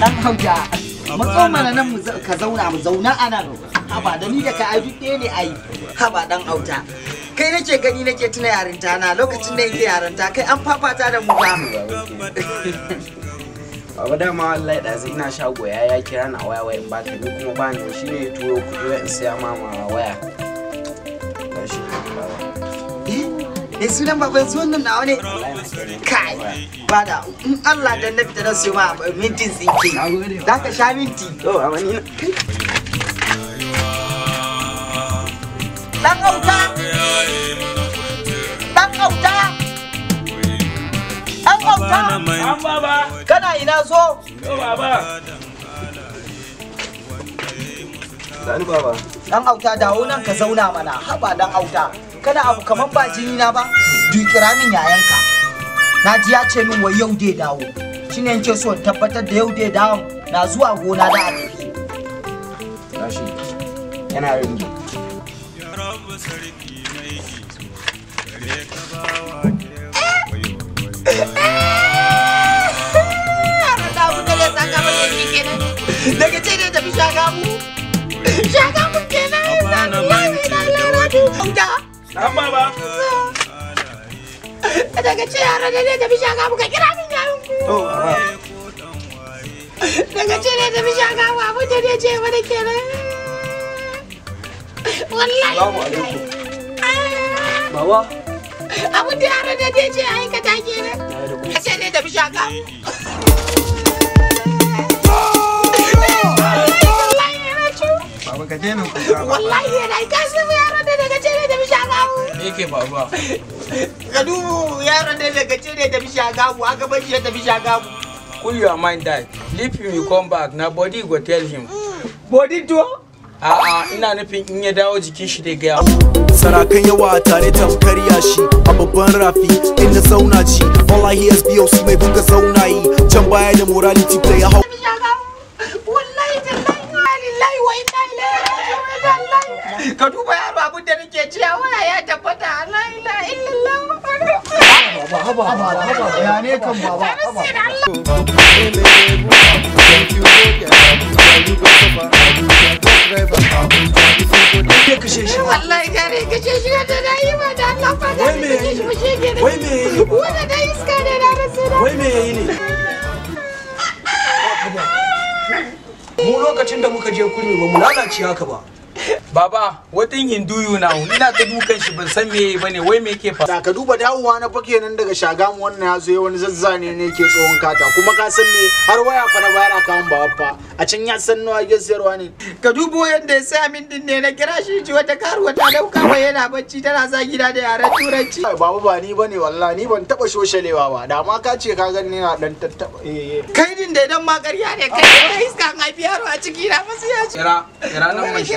dan hauja matso mana nan mu ka zauna mu zauna a nan haba da ni da ka ai ɗaya ne ai haba dan auta kai nake gani nake tuna yarinta na lokacin da yake yarinta kai an fafata da mu ba Baba dama wallahi ɗazu ina shago ya ya kira na waya waya in baka ni kuma ba ni shine ya turo kuɗi in siya mama waya. ne eh, sunan baban su wannan nawa kai ba da in Allah dan na fita na su ma mintin tsinke za ka sha minti to a wani dan auta dan auta dan auta an baba kana ina so baba Dan baba. Dan auta dawo nan ka zauna mana haba dan auta. kana abu kamar ba jini na ba dukira min yayanka na ji ya ce min wai yau dai dawo shine yake so tabbatar da yau dai dawo na zuwa gona da a tafi tashi yana yin Daga ce da tafi shagamu? Shagamu Amma ba. Daga ce da ne da bisha ga muka kira min yayin ku. Daga ce da bisha ga mu abin da ne ce mana kenan. Wallahi. Baba. Abin da yara da ne ce aikata kenan. ce ne da bisha ga mu. ka daina kuka wallahi ne na ita shi yaron da daga cire da bisha gabu me yake faruwa ka dubu yaron da daga cire da bisha gabu aka bar shi da bisha gabu cool your mind dad leave him come back na body go tell him hmm. body to a'a ina nufin in ya dawo jikin shi dai gaya sarakan yawa tare tamkar yashi a babban rafi in na ci all i hear is boc mai buga zauna yi can baya da morality play a hau wallahi tallahi wa lillahi wa ka duba yaro abin da nake a waya ya tabbata la ilaha illallah haba haba haba haba ya ne kan baba ke kashe shi kashe shi ba da iska da mu lokacin da muka je kurmi ba mu lalace haka ba Baba, what in do you now? Ina ta dukan shi ban san me bane wai me yake faruwa. Da ka duba dawowa na fa kenan daga shagamu wannan ya zo wani zazzane ne yake tsohon kata kuma ka san me har waya fa na bayar akawun ba waffa a can ya san nawa yake sayarwa ne. Ka dubo yadda ya sa min din ne na kira shi ji wata karuwa ta dauka wa yana bacci tana sa gida da yaran turanci. Baba ba ni bane wallahi ni ban taba shoshalewa ba da ma ka ce ka ga ni na dan tattaba. Eh, eh. Kai din da idan ma ƙarya ne kai iska an haifi yaro a ciki na masu yaji. Kira kira nan mai shi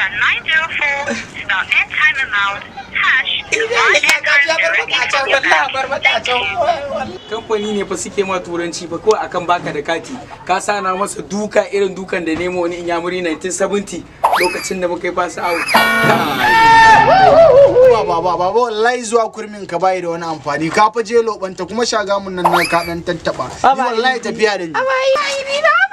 star kamfani ne fa suke ma turanci ba kawai akan baka da kati ka sana masa duka irin dukan da nemo wani inyamuri 1970 lokacin da muka yi fasa awu ba ba ba wallahi zuwa kurmin ka bayi da wani amfani ka fa je lobanta kuma shagamun nan na ka dan tattaba wallahi tafiya da ni